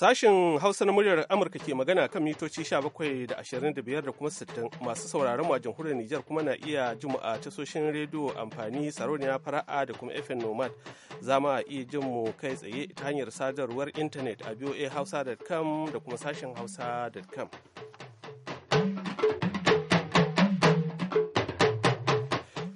Sashen Hausa na muryar Amurka ke magana kan mitoci 17 da 25 da kuma 60 masu sauraron mu a jamhuriyar Nijar kuma na iya jin a tashoshin rediyo amfani sarauniya fara'a da kuma FM Nomad. Za ma iya jin mu kai tsaye ta hanyar sadarwar intanet a voahausa.com da kuma sashen hausa.com.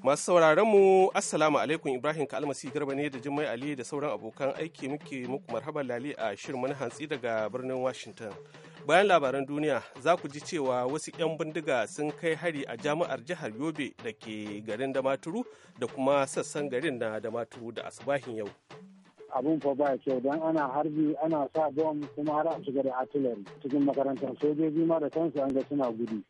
Masu sauraron mu Assalamu alaikum Ibrahim Kalmasi Garba ne da Jummai Ali da sauran abokan aiki muke muku marhaban lali a shirin mana hantsi daga birnin Washington. Bayan labaran duniya za ku ji cewa wasu 'yan bindiga sun kai hari a jami'ar jihar Yobe da ke garin Damaturu da kuma sassan garin na Damaturu da asibahin yau. abun fa ba kyau don ana harbi ana sa bom kuma har a shiga da artillery cikin makarantar sojoji ma da kansu an ga suna gudu.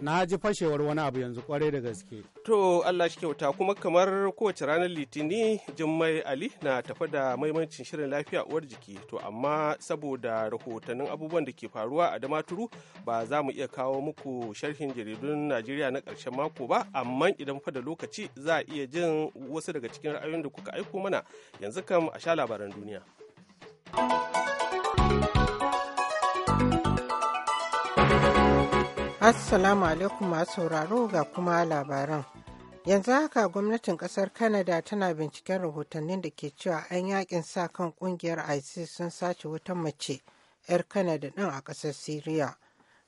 na ji fashewar wani abu yanzu kwarai da gaske to Allah shi kyauta kuma kamar kowace ranar litini jummai ali na tafa da maimancin shirin lafiya uwar jiki to amma saboda rahotannin abubuwan da ke faruwa a damaturu ba za mu iya kawo muku sharhin jaridun najeriya na ƙarshen mako ba amma idan fa da lokaci za a iya jin wasu daga cikin ra'ayoyin da kuka aiko mana yanzu kam a sha labaran duniya Assalamu alaikum masu sauraro ga kuma labaran. Yanzu haka gwamnatin kasar Kanada tana binciken rahotannin da ke cewa an yakin sa kan kungiyar ISIS sun sace wata mace 'yar Canada din a kasar Syria.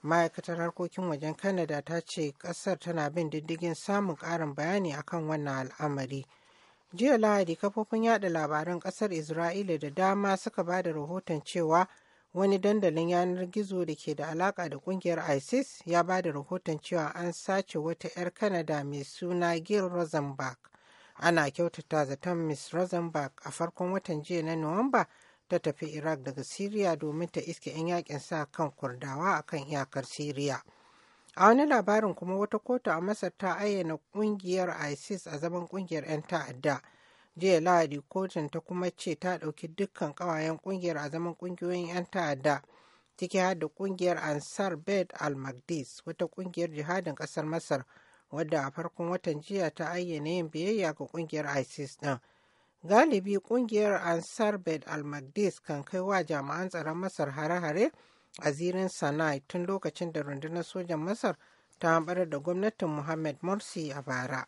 Ma'aikatar harkokin wajen Kanada ta ce kasar tana bin diddigin samun ƙarin bayani akan wannan al'amari. Jiya Lahadi kafofin yada labaran kasar Isra'ila da dama suka ba da rahoton cewa wani dandalin yanar gizo da ke da alaka da kungiyar isis ya ba da rahoton cewa an sace wata 'yar Kanada mai suna gil rosenberg ana kyautata zaton miss rosenberg a farkon watan jiya na nuwamba ta tafi iraq daga syria domin ta iske 'yan yakin sa kan kurdawa a kan iyakar syria a wani labarin kuma wata kotu a masar ta ayyana kungiyar isis a zaman kungiyar 'yan ta'adda jiya lahadi kotun ta kuma ce ta ɗauki dukkan ƙawayen ƙungiyar a zaman ƙungiyoyin 'yan ta'adda ciki har da ƙungiyar ansar bed al-magdis wata ƙungiyar jihadin ƙasar masar wadda a farkon watan jiya ta ayyana yin biyayya ga ƙungiyar isis ɗin galibi ƙungiyar ansar bed al-magdis kan kai wa jami'an tsaron masar hare-hare a zirin sana'i tun lokacin da rundunar sojan masar ta hambar da gwamnatin Mohammed morsi a bara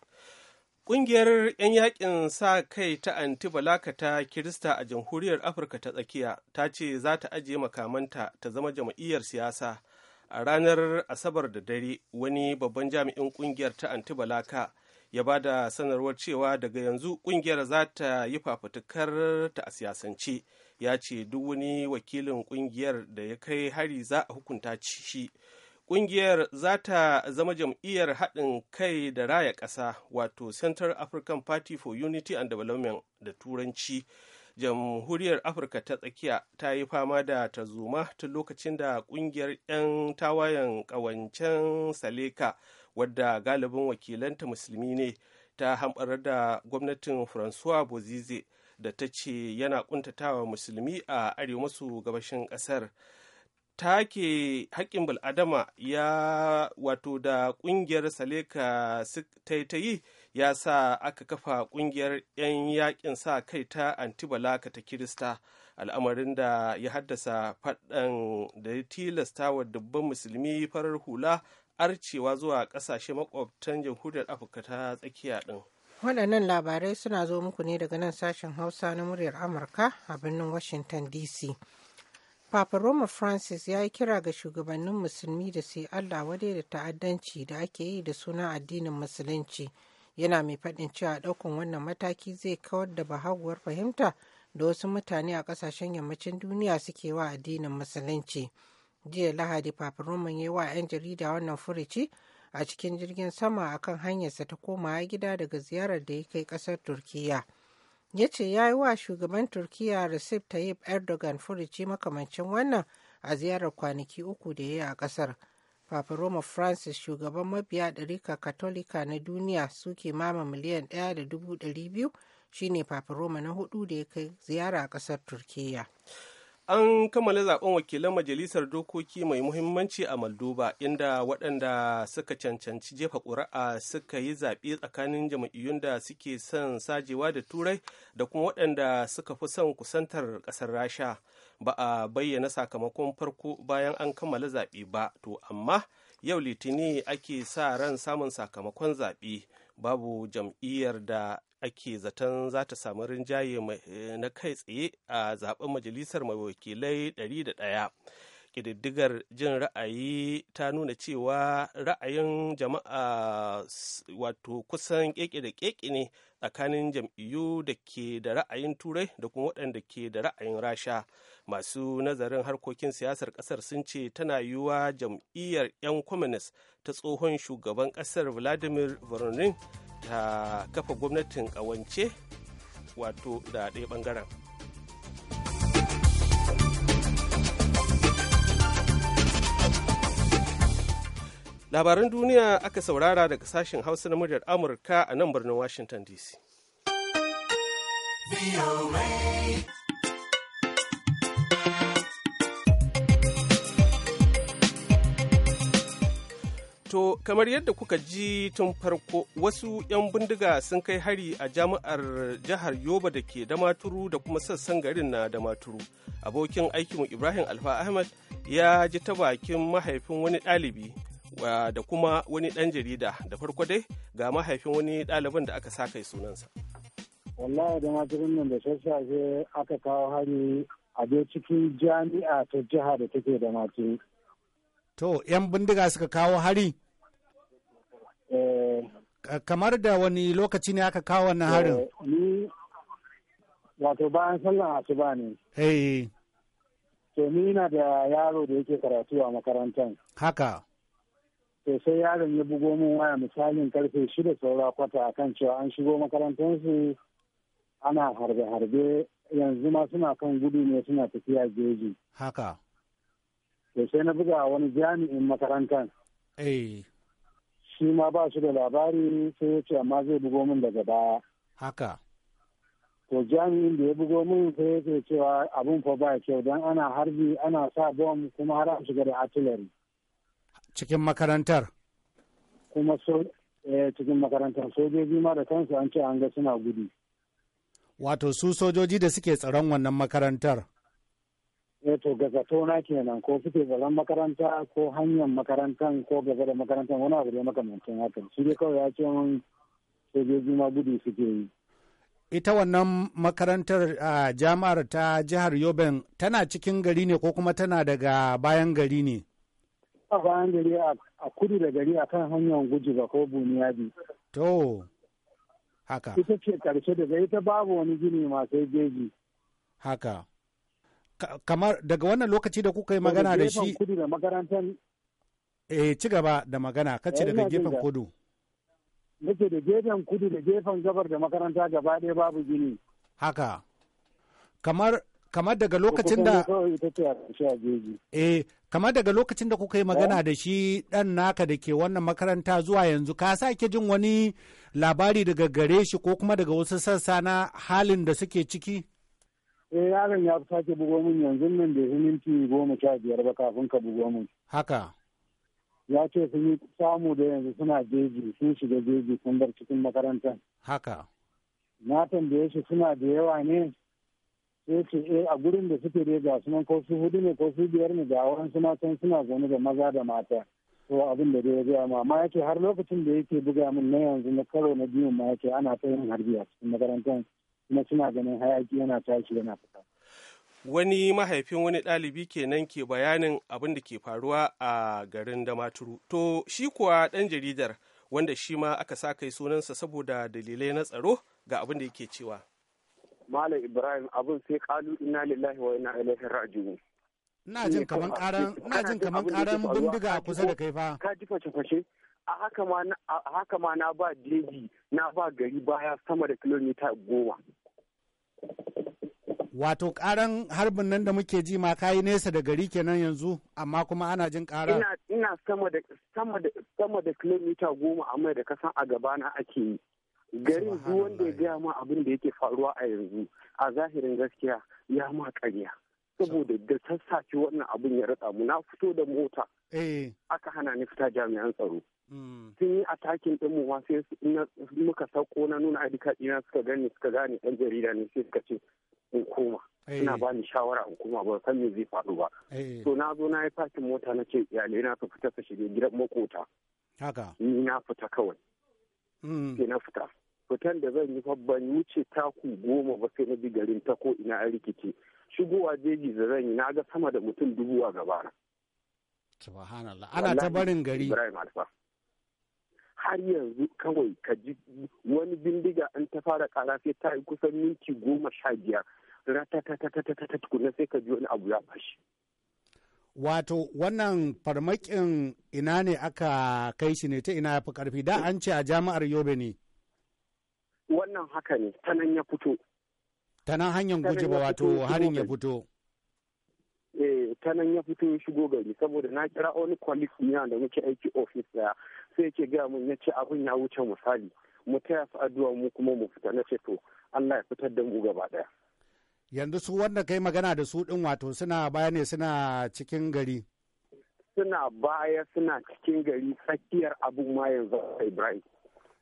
Ƙungiyar 'yan yakin sa kai ta Antibalaka ta Kirista a Jamhuriyar Afirka ta Tsakiya ta ce za ta ajiye makamanta ta zama jam'iyyar siyasa a ranar Asabar da dare wani babban jami'in ƙungiyar ta Antibalaka ya ba da sanarwar cewa daga yanzu ƙungiyar za ta yi fafutukar ta a siyasance ya ce duk wani wakilin ƙungiyar da ya kai hari za a hukunta shi Ƙungiyar za ta zama jam'iyyar haɗin kai da raya ƙasa wato Central African Party for Unity and Development da Turanci. Jamhuriyar Afirka ta tsakiya ta yi fama da tarzoma tun lokacin da ƙungiyar 'yan tawayen ƙawancen Saleka wadda galibin wakilanta musulmi ne ta hamɓar da gwamnatin Francois Bozize da ta ce yana ƙuntatawa musulmi a arewa maso gabashin ƙasar. take haƙƙin bil'adama ya wato da ƙungiyar saleka ta yi ya sa aka kafa ƙungiyar 'yan yaƙin sa kai ta antibalaka ta kirista al'amarin da ya haddasa faɗan da ya tilasta wa dubban musulmi farar hula arcewa zuwa ƙasashe makwabtan jamhuriyar afirka ta tsakiya ɗin waɗannan labarai suna zo muku ne daga nan sashen hausa na muryar amurka a birnin washington dc Papa Roma Francis ya yi kira ga shugabannin musulmi da su Allah wadai da ta'addanci da ake yi da suna addinin musulunci. Yana mai faɗin cewa ɗaukan wannan mataki zai kawar da bahaguwar fahimta da wasu mutane a ƙasashen yammacin duniya suke wa addinin musulunci. Jiya Lahadi Papa Roman ya yi wa 'yan jarida wannan furici a cikin jirgin sama akan hanyarsa ta komawa gida daga ziyarar da ya kai ƙasar Turkiyya. ya ce ya yi wa shugaban turkiya recep tayyip erdogan furuci makamancin wannan a ziyarar kwanaki uku da ya yi a kasar papa roma francis shugaban mabiya ɗarika katolika na duniya suke mama miliyan ɗaya da dubu ɗari biyu shine papa roma na hudu da ya kai ziyara a kasar turkiya an kammala zaben wakilan majalisar dokoki mai muhimmanci a Moldova inda waɗanda suka cancanci jefa ƙuri'a suka yi zaɓe tsakanin jam'iyyun da suke son sajewa da turai da kuma waɗanda suka fi son kusantar ƙasar rasha ba a bayyana sakamakon farko bayan an kammala zaɓe ba to amma yau Litinin ake sa ran samun sakamakon zaɓe babu jam'iyyar da ake zaton za ta samu rinjaye eh, na kai tsaye a zaben majalisar mai wakilai 101 ƙididdigar jin ra'ayi ta nuna cewa ra'ayin jama'a wato kusan keke da keke ne tsakanin jam'iyyu da ke da ra'ayin turai da kuma waɗanda ke da ra'ayin rasha masu nazarin harkokin siyasar ƙasar sun ce tana yiwuwa jam'iyyar 'yan kwaminis ta tsohon shugaban ƙasar vladimir voronin ta kafa gwamnatin ƙawance wato da ɗaya ɓangaren labaran duniya aka saurara daga sashen hausa na muryar amurka a nan birnin washington dc To, kamar yadda kuka ji tun farko, wasu 'yan bindiga sun kai hari a jami'ar jihar Yoba da ke Damaturu da kuma sassan garin na Damaturu. Abokin aikinmu Ibrahim Alfa Ahmad ya ji ta bakin mahaifin wani ɗalibi da kuma wani ɗan jarida da farko dai ga mahaifin wani ɗaliban da aka sakai sunansa. Wallahi da maturin nan da sassafe aka kawo hari a cikin jami'a ta jiha da take da maturu. To, ‘yan bindiga suka kawo hari? Eh, kamar da wani lokaci ne aka kawo wannan harin? Eh, ni, wato bayan sallan asuba ne. Eh. To, ni na da yaro da yake karatu a makarantar. Haka. To, sai yaron ya bugo min waya misalin karfe shida saura kwata akan cewa an shigo makarantarsu ana harbe-harbe yanzu ma suna kan gudu ne suna tafiya jeji. Haka. da sai na buga wani jami'in makarantar eh. shi ma ba shi da labari sai ya ce amma zai bugo min daga baya haka to jami'in da ya bugo min sai ya cewa abun fa ba kyau don ana harbi ana sa bom kuma har an shiga da artillery cikin makarantar kuma so eh, cikin makarantar sojoji ma da kansu an ce an ga suna gudu wato su sojoji da suke tsaron wannan makarantar eh to gazato na kenan ko suke zaren makaranta ko hanyar makarantan ko gaba da makarantan wani abu da makamancin hakan shi ne kawai ya ce mun sojoji ma gudu suke yi ita wannan makarantar a jami'ar ta jihar yoben tana cikin gari ne ko kuma tana daga bayan gari ne a bayan gari a kudu da gari a kan hanyar guji ga ko buniyadi to haka ita ce karshe daga ita babu wani gini masu jeji haka kamar daga wannan lokaci da kuka yi magana da shi kudu da makarantar eh ci gaba da magana kace eh, daga gefen kudu nake da gefen kudu da gefen gabar da makaranta gaba ɗaya babu gini haka kamar kamar daga lokacin da eh kamar daga lokacin da kuka yi magana eh? da shi dan naka da ke wannan makaranta zuwa yanzu ka sake jin wani labari daga gare shi ko kuma daga wasu sassa na halin da suke ciki eh yaron ya sake bugo min yanzu nan da minti goma sha biyar ba kafin ka bugo min haka ya ce sun yi samu da yanzu suna jeji sun shiga jeji sun bar cikin makarantar haka na tambaye shi suna da yawa ne sai ce eh a gurin da suke da ga sunan ko su hudu ne ko su biyar ne ga wani suna can suna zaune da maza da mata to abin da ya gaya ma ma ya ce har lokacin da yake buga min na yanzu na karo na biyun ma ya ce ana ta yin harbi a cikin makarantar kuma suna ganin hayaki yana tashi yana fita wani mahaifin wani ɗalibi kenan ke bayanin abin da ke faruwa a garin damaturu to shi kuwa ɗan jaridar wanda shi ma aka sa kai sunansa saboda dalilai na tsaro ga abin da yake cewa malam ibrahim abin sai kalu ina lillahi wa ina ilaihi raji'un ina jin ina jin kaman karan bindiga kusa da kai fa ka ji fashe fashe a haka ma na ba jeji na ba gari baya sama da kilomita goma. Wato karan harbin nan da muke ji ma kayi nesa da gari kenan yanzu amma kuma ana jin kara. Ina, sama da kilomita goma amma da kasan a gabana ake yi. Garin duk wanda ya gaya ma abin da yake faruwa a yanzu a zahirin gaskiya ya ma karya. Saboda da sassace wannan abin ya ratsa mu na fito da mota. Eh. Aka hana ni fita jami'an tsaro. Mm. sun yi atakin ɗin mu sai muka sauko na nuna ID ɗina suka gani suka gane ɗan jarida ne sai suka ce in koma eh. suna ba ni shawara in koma ba san me zai faɗo ba to eh. na zo na yi fakin mota na ce iyalai na su fita su shige gidan makota haka ni na fita kawai mm. sai na fita fitan da zan yi babban wuce taku goma ba sai na bi garin ta ko ina a rikice shigowa jeji da zan yi na ga sama da mutum dubu a gabana subhanallah ana ta barin gari har yanzu kawai ka ji wani bindiga an ta fara kara sai ta yi kusan minti goma sha biyar ta tukuna sai ka ji wani abu ya fashi. Wato wannan farmakin ina ne aka kai shi ne ta ina ya fi karfi da an ce a jami'ar Yobe ne. Wannan haka ne, ta ya fito. Ta hanyar guje ba wato harin ya fito. eh ta nan ya fito ya shigo gari saboda na kira wani colleague ina da muke aiki ofis ɗaya, sai yake min mun yace abin ya wuce misali mu taya su addu'a mu kuma mu fita na ce to Allah ya fitar da mu gaba daya yanzu su wanda kai magana da su din wato suna baya ne suna cikin gari suna baya suna cikin gari tsakiyar abun ma yanzu Ibrahim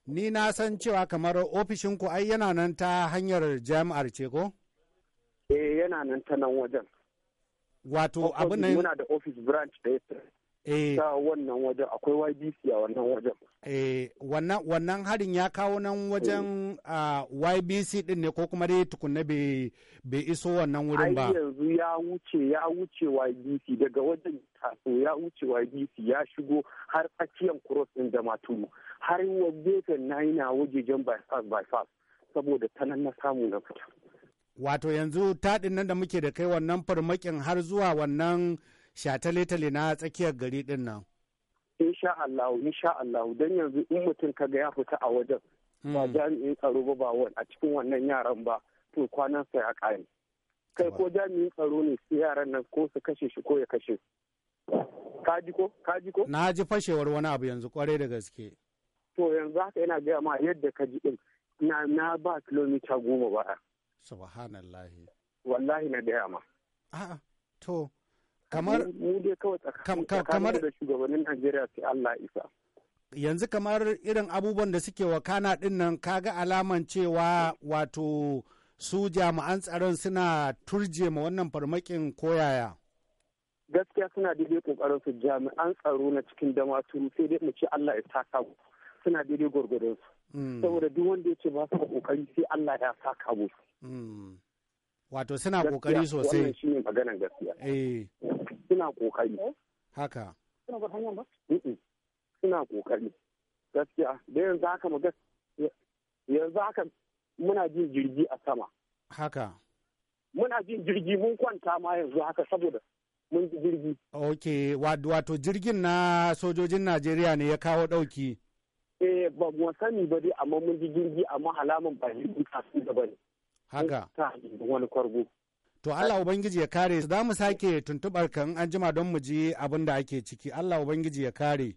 ni na san cewa kamar ofishinku ai yana nan ta hanyar jami'ar ce ko eh yana nan ta nan wajen wato abin nan muna da office branch da ya eh. ta wannan wajen akwai YBC a wannan wajen eh, wannan wannan harin ya kawo nan wajen eh. ah, YBC din ne ko kuma dai tukunna bai iso wannan wurin ba ai yanzu ya wuce ya wuce YBC daga wajen taso ya wuce YBC ya shigo har tsakiyar cross din da matulu har wa gefen na by wajejen bypass bypass saboda ta nan na samu na fita wato yanzu taɗin nan da muke da kai wannan farmakin har zuwa wannan shatale-tale na tsakiyar gari ɗin nan. Insha Allah, insha Allah, don yanzu in mutum kaga ya fita a wajen hmm. ba jami'in tsaro ba ba a cikin wannan yaran ba to kwanan sai ya ƙare. Kai ko jami'in tsaro ne su yaran nan ko su kashe shi ko ya kashe Kaji ko? Kaji ko? Na ji fashewar wani abu yanzu kwarai da gaske. To yanzu haka yana gaya ma yadda ka ji ɗin na ba kilomita goma baya. subhanallahi wallahi na daya ma a'a to kamar mu dai kawai tsakanin da shugabannin Najeriya sai Allah isa yanzu kamar irin abubuwan da suke wakana din nan kaga alaman cewa wato su jami'an tsaron suna turje ma wannan farmakin koyaya gaskiya suna daidai kokarin su jami'an tsaro na cikin damaturu sai dai mu ci Allah ya taka suna daidai gwargwadon su Mm. saboda duk wanda ya ce ba su kokari sai Allah ya saka musu mm. wato suna kokari sosai wannan shine maganar gaskiya eh suna kokari eh? haka suna ba hanyar ba suna kokari gaskiya da yanzu haka mu yanzu haka muna jin jirgi a sama haka muna jin jirgi mun kwanta ma yanzu haka saboda mun ji jirgi ok wato jirgin na sojojin najeriya ne ya kawo dauki eh ba mu sani ba dai amma mun ji jirgi amma halaman ba jirgin kasu da bane haka wani kwargo to Allah ubangiji ya kare za mu sake tuntubar kan an jima don mu ji abin da ake ciki Allah ubangiji ya kare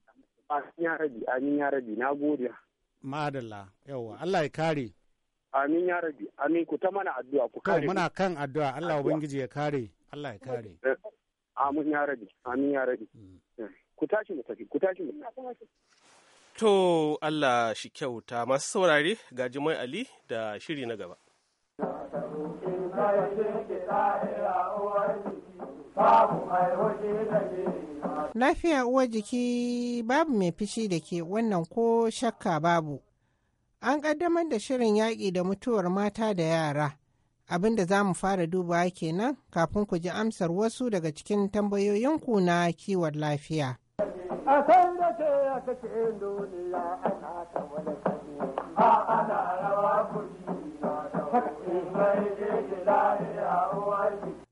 amin ya rabi amin ya rabi na gode madalla yawa Allah ya kare amin ya rabi amin ku ta mana addu'a ku kare muna kan addu'a Allah ubangiji ya kare Allah ya kare eh, amin ya rabi amin ya rabi mm. eh, ku tashi mu tafi ku tashi mu tafi. To Allah shi kyauta masu saurare ga Jimai Ali da shiri na gaba. Lafiya uwar jiki babu mai fishi da ke wannan ko shakka babu. An ƙaddamar da shirin yaƙi da mutuwar mata da yara. Abin da za mu fara dubawa kenan kafin ku ji amsar wasu daga cikin tambayoyinku na kiwon lafiya. a san da ke ya kace duniya ana ta wani a ana rawa kuɗi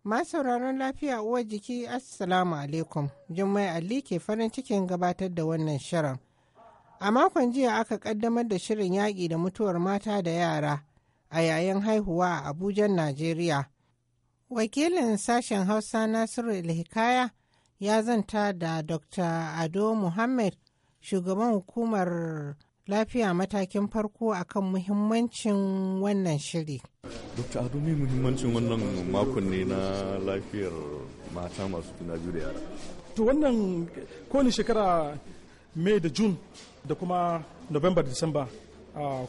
Ma sauraron lafiya uwar jiki Assalamu alaikum Jummai Ali ke farin cikin gabatar da wannan shirin. A makon jiya aka kaddamar da shirin yaƙi da mutuwar mata da yara a yayin haihuwa a Abuja, Najeriya. Wakilin sashen Hausa Nasiru Ilhikaya ya zanta da Dr. Ado Muhammad shugaban hukumar lafiya matakin farko akan muhimmancin wannan shiri. Dr. Ado ne muhimmancin wannan makon ne na lafiyar mata masu juna biyu da yara. To wannan kowane shekara Mai da June da kuma November da december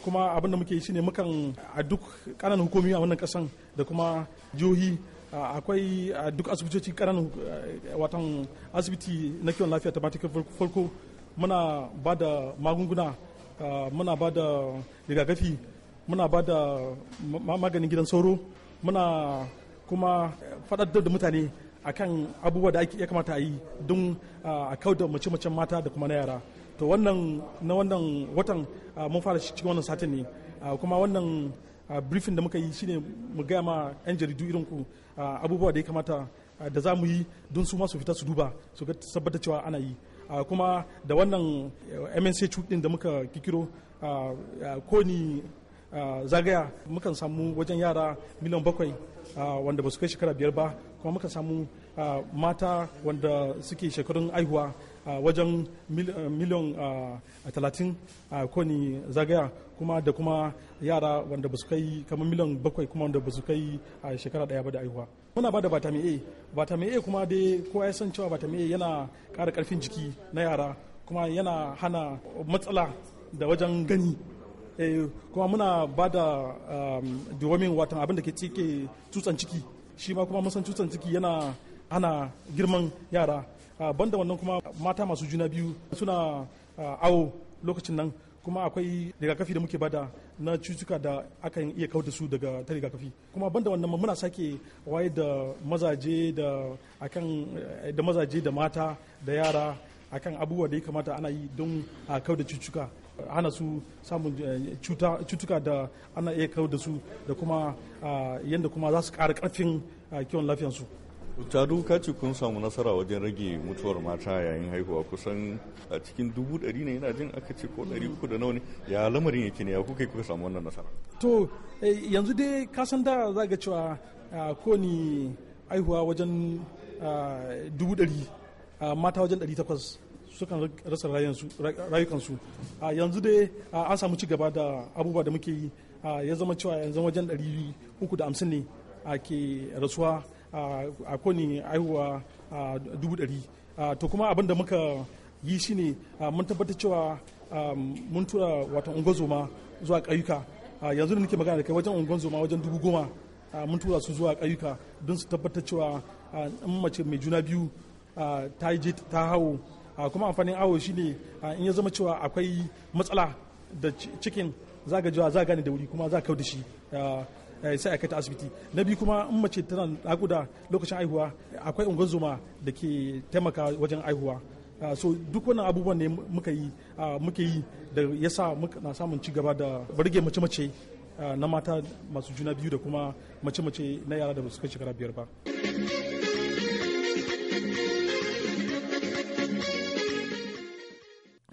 kuma abin da muke shi ne mukan a duk kananan hukumi a wannan kasan da kuma jihohi Ah, akwai ah, duk asibitoci ƙananan eh, watan asibiti na kiwon lafiya ta matakin farko muna ba da magunguna ah, muna ba da rigakafi muna ba da maganin gidan sauro muna kuma faɗaɗar da mutane akan abubuwa da ya kamata a yi don a kau da mace-macen mata da kuma na yara to wannan na wannan watan mun fara cikin wannan satin ne kuma wannan a briefing da muka yi shine mu gaya ma 'yan jaridu irin ku abubuwa da ya kamata da za mu yi don su masu fita su duba su ga tabbata cewa ana yi kuma da wannan eh, mnc din da muka kikiro ko ni zagaya mukan samu wajen yara miliyan bakwai wanda ba su kai shekara biyar ba kuma mukan samu mata wanda suke shekarun aihuwa wajen miliyan talatin a koni zagaya kuma da kuma yara wanda ba su kai kamar miliyan bakwai kuma wanda ba su kai a shekara daya ba da aihuwa muna ba da vitamin a vitamin a kuma dai kowa ya san cewa vitamin a yana ƙara ƙarfin jiki na yara kuma yana hana matsala da wajen gani eh, kuma muna ba da um, deworming watan abin da ke cike tutsan ciki shi ma kuma musan tutsan ciki yana hana girman yara Ah, banda wannan kuma mata masu juna biyu suna ah, awo lokacin nan kuma akwai rigakafi da muke bada na cutuka da akan iya kauda su daga ta rigakafi kuma banda wannan muna sake waye da mazaje da akan eh, da mazaje da mata da yara akan abubuwa da ya kamata ana yi don a ah, kauda cutuka hana su samun eh, cutuka da ana iya kauda su da kuma yadda kuma za su ƙara ƙarfin kiwon lafiyarsu Tadu ka ce kun samu nasara wajen rage mutuwar mata yayin haihuwa kusan a cikin dubu ɗari ne yana jin aka ce ko ɗari uku da nawa ne ya lamarin yake ne ya kuka kuka samu wannan nasara. To eh, yanzu dai ka san da za ga cewa ko ni haihuwa wajen dubu ɗari mata wajen ɗari takwas sukan rasa rayukansu yanzu dai an samu ci gaba da abubuwa da muke yi ya zama cewa yanzu wajen ɗari uku da hamsin ne ke rasuwa a kowane aihuwa dubu ɗari to kuma abin da muka yi shine mun tabbatar cewa mun tura watan ungozoma zuwa ƙauyuka yanzu da nake magana da kai wajen ungozoma wajen dubu goma mun tura su zuwa ƙauyuka don su tabbatar cewa in mace mai juna biyu ta je ta hawo kuma amfanin awo shine in ya zama cewa akwai matsala da cikin za ga jiwa za gane da wuri kuma za kau da shi Eh, sai a kai ta asibiti na biyu kuma in mace tana nakuda lokacin aihuwa akwai ungozuma da ke taimaka wajen aihuwa ah, so duk wannan abubuwan ne muka yi ah, muke yi da yasa sa na samun ci gaba da burge mace-mace ah, na mata masu juna biyu da kuma mace-mace na yara da basu kai shekara biyar ba.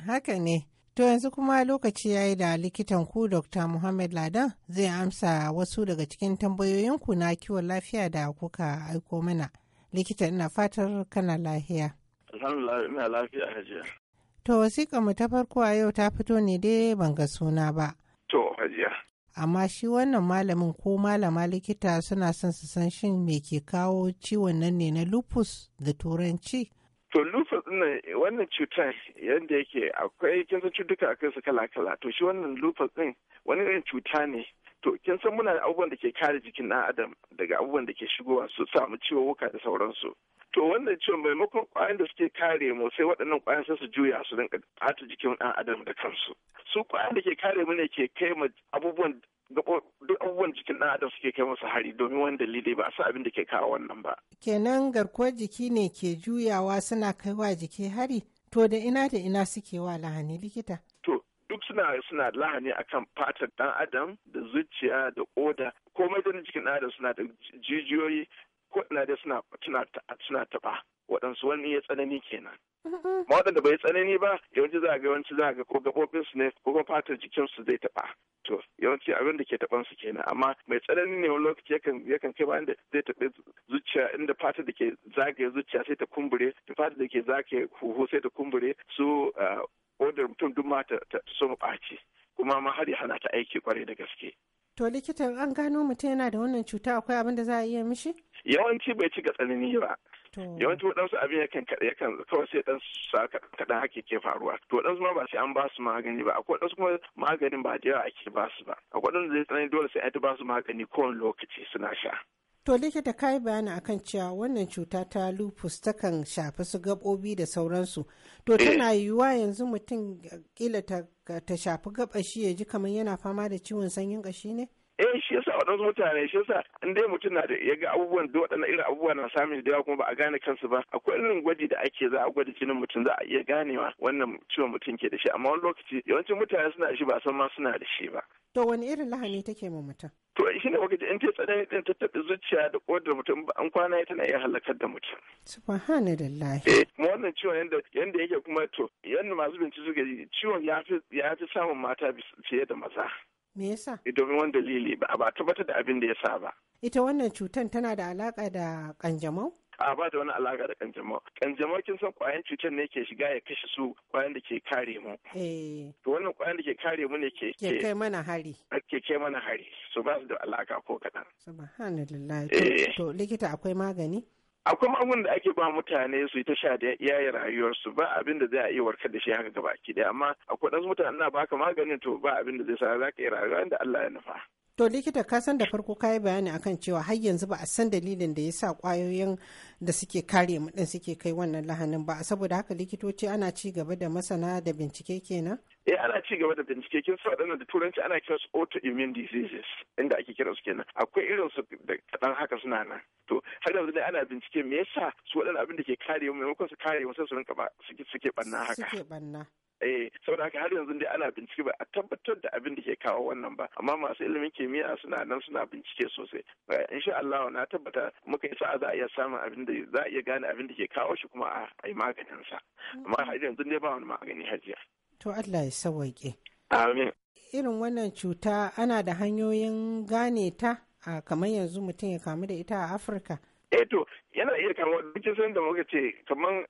Haka ne. To yanzu kuma lokaci ya yi da likitan ku Dr. Muhammad Ladan zai amsa wasu daga cikin tambayoyinku na kiwon lafiya da kuka aiko mana. Likita ina fatar kana lafiya. Alhamdulillah ina lafiya hajiya. To wasiƙa mu ta farko a yau ta fito ne dai ban ga suna ba. To hajiya. Amma shi wannan malamin ko malama likita suna son su san shin me ke kawo ciwon nan ne na lupus da turanci? to lupus din wannan cutar yadda yake akwai kin san cutuka akai su kala kala to shi wannan lupus din wani irin cuta ne to kin san muna da abubuwan da ke kare jikin ɗan adam daga abubuwan da ke shigowa su samu ciwuwuka da sauransu to wannan ciwon maimakon kwayan da suke kare mu sai waɗannan ƙwayan sai su juya su rinka ɓata jikin ɗan adam da kansu su ƙwayan da ke kare mu ne ke kai abubuwan duk abubuwan jikin ɗan adam suke kai masu hari domin wani dalili ba a abin da ke kawo wannan ba. Kenan garkuwar jiki ne ke juyawa suna kaiwa jiki hari to da ina da ina suke wa lahani likita. To duk suna suna lahani akan fatar ɗan adam da zuciya da koda komai da jikin ɗan adam suna da jijiyoyi ko da suna suna taɓa waɗansu wani ya tsanani kenan mm-hmm. ma waɗanda bai tsanani ba yawanci za a ga yawanci za a ga ko su ne ko kuma fatar jikinsu zai taɓa to yawanci abin da ke taɓan su kenan amma mai tsanani ne wani lokaci yakan yakan kai bayan da zai taɓe zuciya inda fata da ke zagaye zuciya sai ta kumbure fata da ke zagaye huhu sai ta kumbure su ah, odar mutum duk ma ta soma ɓaci kuma ma har ya hana ta aiki kwarai da gaske To likitan an gano mutum yana da wannan cuta akwai abin da za a iya mishi? Yawanci bai cika tsanani ba. Yawanci waɗansu abin yakan yakan kawai sai ɗan kaɗan haka ke faruwa. To waɗansu ma ba sai an ba su magani ba. Akwai waɗansu kuma maganin ba da yawa ake basu ba. Akwai waɗansu zai tsanani dole sai an ta basu magani kowane lokaci suna sha. To likita ka yi bayani akan cewa wannan cuta ta lupus takan shafi su gabobi da sauransu. To tana yiwuwa yanzu mutum kila ta shafi gaɓa shi ya ji kamar yana fama da ciwon sanyin ƙashi ne? eh shi yasa waɗansu mutane shi yasa in dai mutum na da yaga abubuwan da waɗannan irin abubuwa na samun da yawa kuma ba a gane kansu ba akwai irin gwaji da ake za a gwada jinin mutum za a iya ganewa wannan ciwon mutum ke da shi amma wani lokaci yawancin mutane suna da shi ba san ma suna da shi ba to wani irin lahani take ma mutum shi ne ji in ta tsanani din ta taɓa zuciya da kodar mutum ba an kwana tana iya halakar da mutum subhanallah eh mu wannan ciwon yanda yake kuma to yanda masu bincike suke yi, ciwon ya fi ya fi samun mata fiye da maza me yasa eh, domin wani dalili ba a tabbatar da abin da ya sa ba ita wannan cutar tana da alaƙa da ƙanjamau. a ba da wani alaka da kanjamau kanjamau kin san kwayan cutar ne ke shiga ya kashe su kwayan da ke kare mu eh. to wannan kwayan da ke kare mu ne ke ke kai mana hari ke kai mana hari so ba su da alaka ko kaɗan. subhanallahi eh. to likita akwai magani akwai magun da ake ba mutane su yi ta sha da rayuwar rayuwarsu ba abin da zai a iya warkar da shi haka gaba ki amma akwai ɗansu mutane na baka maganin to ba abin da zai sa za ka yi rayuwa inda Allah ya nufa. To likita ka san da farko ka yi bayani akan cewa har yanzu ba a san dalilin da ya sa kwayoyin da suke kare mu din suke kai wannan lahanin ba saboda haka likitoci ana ci gaba da masana da bincike kenan. eh ana ci gaba da bincike kin su waɗannan da turanci ana kiran su autoimmune diseases inda ake kiran su kenan akwai irin su da kaɗan haka suna nan to har yanzu dai ana bincike me yasa su waɗannan abin da ke kare mu maimakon su kare mu sai su rinka ba suke banna haka suke banna eh saboda haka har yanzu dai ana bincike ba a tabbatar da abin da ke kawo wannan ba amma masu ilimin kimiyya suna nan suna bincike sosai eh, insha Allah na tabbata muka yi sa'a za a iya samun abin da za a iya gane abin da ke kawo shi kuma a yi maganin sa amma har yanzu dai ba wani magani hajiya to Allah ya sauke amin irin wannan cuta ana da hanyoyin gane ta kamar yanzu mutum ya kamu da ita a Afirka eh to yana iya kama duk san da muka ce kamar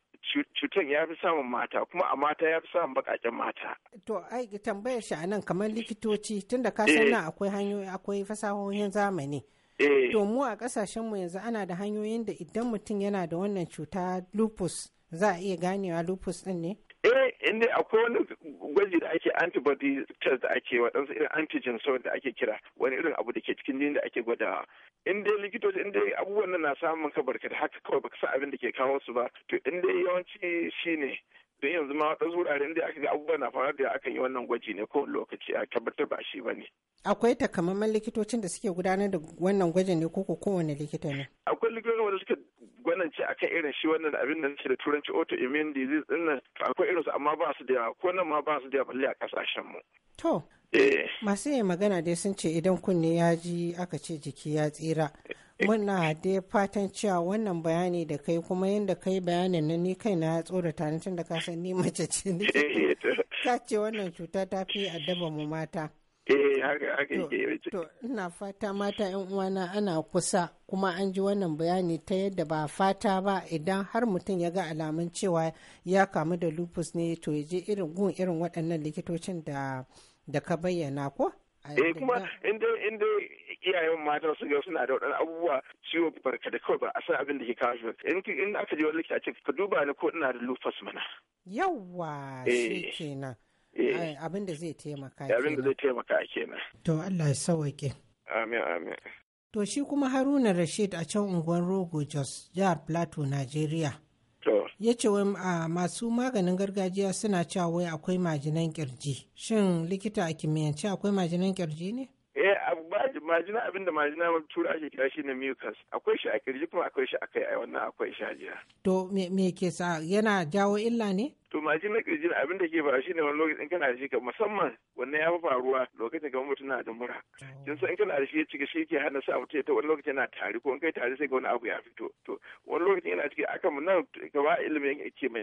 cutan ya fi samun mata kuma a mata ya fi samun bakaken mata. To ai tambayar shi a nan kamar likitoci tunda ka san eh. na akwai hanyoyi akwai fasahohin zamani. Eh. To mu a kasashen mu yanzu ana da hanyoyin da idan mutum yana da wannan cuta lupus za a iya ganewa lupus din ne? in dai akwai wani gwaji da ake antibody test da ake waɗansu irin antigen sau da ake kira wani irin abu da ke cikin jini da ake gwadawa in dai likitoci in dai abubuwan nan na samun ka barka da haka kawai baka san abin da ke kawo su ba to in dai yawanci shine don yanzu ma waɗansu wuraren da aka ga abubuwan na faruwa da aka yi wannan gwaji ne ko lokaci a tabbatar ba shi ba ne. Akwai takamaiman likitocin da suke gudanar da wannan gwajin ne ko kowane likita ne? Akwai likitocin wanda suke ce akan irin shi wannan abin da nake da turanci autoimmune disease din nan akwai irin su amma ba su da yawa ko nan ma ba su da balle a kasashen mu to eh. masu yin magana dai sun ce idan kunne ya ji aka ce jiki ya tsira eh. muna dai fatan cewa wannan bayani da kai kuma yadda kai bayanin na ni kai na tsorata ni tun da ka san ni mace ce ne eh, ta ce wannan cuta ta fi addaba mu mata Eh, haka To ina fata mata yan uwana ana kusa kuma an ji wannan bayani ta yadda ba fata ba idan har mutum ya ga alamun cewa ya kamu da lupus ne to ya je irin gun irin waɗannan likitocin da ka bayyana ko? Eh kuma inda inda iyayen matan su ga suna da waɗannan abubuwa ciwo barka da kawai ba a san abin da ke kawo in in aka je wani likita ce ka duba ni ko ina da lupus mana. Yawwa eh. shi kenan. Eh, abin da zai taimaka eh, abin da zai taimaka kenan to Allah ya sauke amin amin to shi kuma Haruna Rashid a can unguwar Rogo Jos jihar Plateau Nigeria ya ce wai masu maganin gargajiya suna cewa wai akwai majinan kirji shin likita a kimiyyance akwai majinan kirji ne eh majina abinda majina mai tura ake kira shi ne mucus akwai shi a kirji kuma akwai shi a kai a wannan akwai shi jiya. to me ke sa yana jawo illa ne to majin na kirjin abin da ke faru shine wani lokacin kana da shi ka musamman wannan ya fi faruwa lokacin kamar mutum na da mura oh. kin san in kana da shi ya cika shi ke hana sa mutum ta wani lokacin yana tari ko in kai tari sai ga wani abu ya fito to wani lokacin yana ciki aka mu nan ilimi ilimin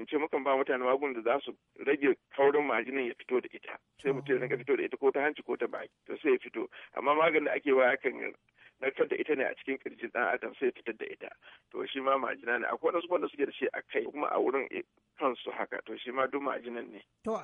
ke ce mukan ba mutane magungunan da za su rage kaurin majinin ya fito da ita sai mutum ya fito da ita ko ta hanci ko ta baki to sai ya fito amma maganin da ake wa kan narkar da ita ne a cikin kirjin dan adam sai fitar da ita to shi ma majina ne akwai wasu wanda suke da shi a kai kuma a wurin kansu haka to shi ma duk majinan ne to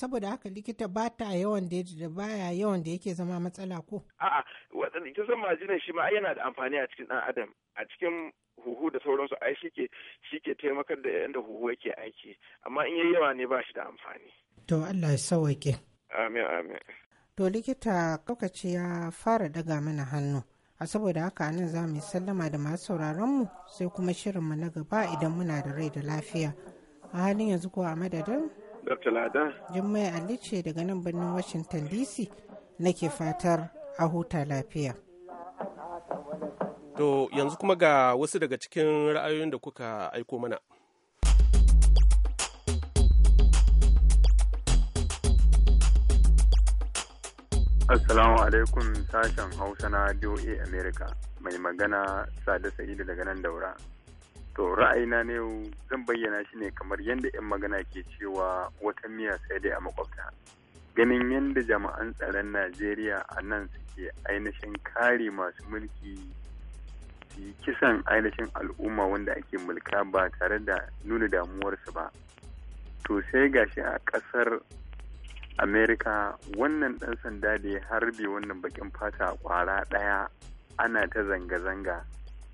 saboda haka likita ba ta yawan da da baya yawan da yake zama matsala ko a'a wadanda ita san majinan shi ma yana da amfani a cikin dan adam a cikin huhu da sauransu ai shi ke shi ke taimakar da yanda huhu yake aiki amma in yayi yawa ne ba shi da amfani to Allah ya sauke amin amin to likita ce ya fara daga mana hannu a saboda haka nan za mu yi sallama da masu sauraronmu sai kuma shirin mu na gaba idan muna da rai da lafiya a halin yanzu kuwa a madadin Jummai ali ce daga nan birnin washington dc nake fatar a huta lafiya to yanzu kuma ga wasu daga cikin ra'ayoyin da kuka aiko mana Assalamu alaikum sashen Hausa na DOA America mai magana Sada Sa'idu daga nan daura. To ra'ayina ne zan bayyana shi ne kamar yadda 'yan magana ke cewa wata miya sai dai a makwabta. Ganin yadda jama'an tsaron Najeriya a nan suke ainihin kare masu mulki su kisan ainihin al'umma wanda ake mulka ba tare da nuna damuwarsu ba. To sai gashi a ƙasar amerika wannan ɗan sanda da ya harbe wannan bakin fata kwara ɗaya ana ta zanga-zanga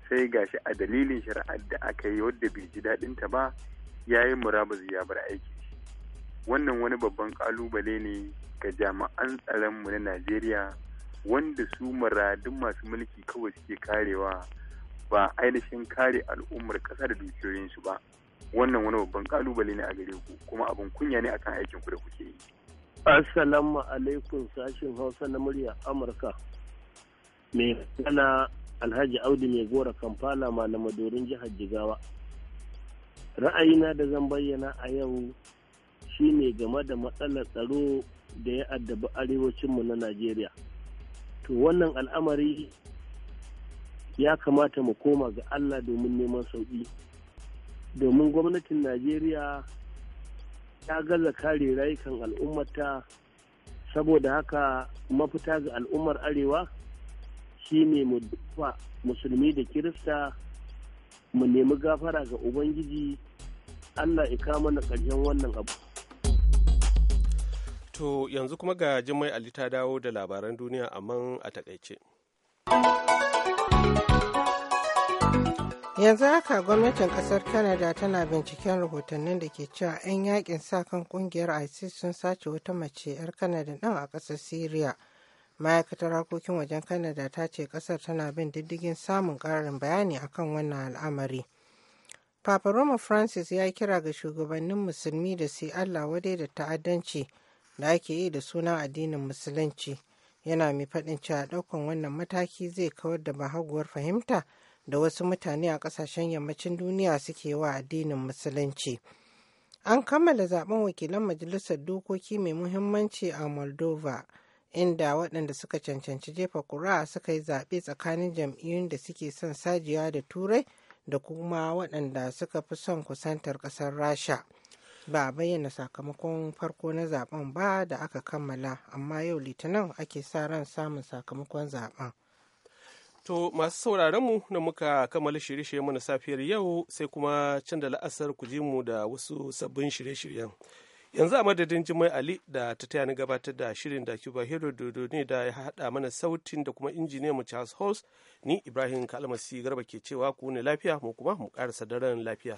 sai gashi a dalilin shari'ar da aka yi wadda bai ji daɗinta ba ya yi murabus ya bar aiki wannan wani babban ƙalubale ne ga jami'an tsaronmu na najeriya wanda su muradun masu mulki kawai suke karewa ba ainihin kare al'ummar ƙasa da dukiyoyinsu ba wannan wani babban ƙalubale ne a gare ku kuma abin kunya ne akan aikin ku da kuke yi Assalamu alaikum sashin Hausa na murya Amurka. Mai kana Alhaji Audu mai gora Kampala madorin jihar Jigawa. Ra'ayina da zan bayyana a yau shine game da matsalar tsaro da ya addabi arewacinmu na Najeriya. To wannan al'amari ya kamata mu koma ga Allah domin neman sauƙi. Domin gwamnatin Najeriya ta gaza kare rayukan al'ummata saboda haka mafita ga al'ummar arewa shine mu dufa musulmi da kirista mu nemi gafara ga ubangiji allah ika mana ƙarshen wannan abu to yanzu kuma ga jimai ali ta dawo da labaran duniya amma a takaice. yanzu haka gwamnatin kasar canada tana binciken rahotannin da ke cewa 'yan yakin sa kan kungiyar isis sun sace wata mace 'yar canada ɗin a ƙasar syria ma'aikatar harkokin wajen canada ta ce ƙasar tana bin diddigin samun ƙarin bayani akan wannan al'amari papa roma francis ya kira ga shugabannin musulmi da su allah wadai da ta'addanci da ake yi da sunan addinin musulunci yana mai faɗin cewa ɗaukan wannan mataki zai kawar da bahaguwar fahimta da wasu mutane a kasashen yammacin duniya suke wa addinin musulunci an kammala zaben wakilan majalisar dokoki mai muhimmanci a moldova inda waɗanda suka cancanci jefa kura suka yi zaɓe tsakanin jam'iyyun da suke son sajiya da turai da kuma waɗanda suka fi son kusantar ƙasar rasha ba a bayyana sakamakon farko na zaben ba da aka kammala amma yau litinin ake sa ran samun sakamakon zaben To masu sauraron mu da muka kammala shirye-shiryen mu na safiyar yau sai kuma can da la'asar ku ji mu da wasu sabbin shirye-shiryen. Yanzu a madadin Jimai Ali da ta taya ni gabatar da shirin da Cuba Hero Dodo ne da ya haɗa mana sautin da kuma injiniya mu Charles hos ni Ibrahim Kalmasi Garba ke cewa ku ne lafiya mu kuma mu ƙarasa daren lafiya.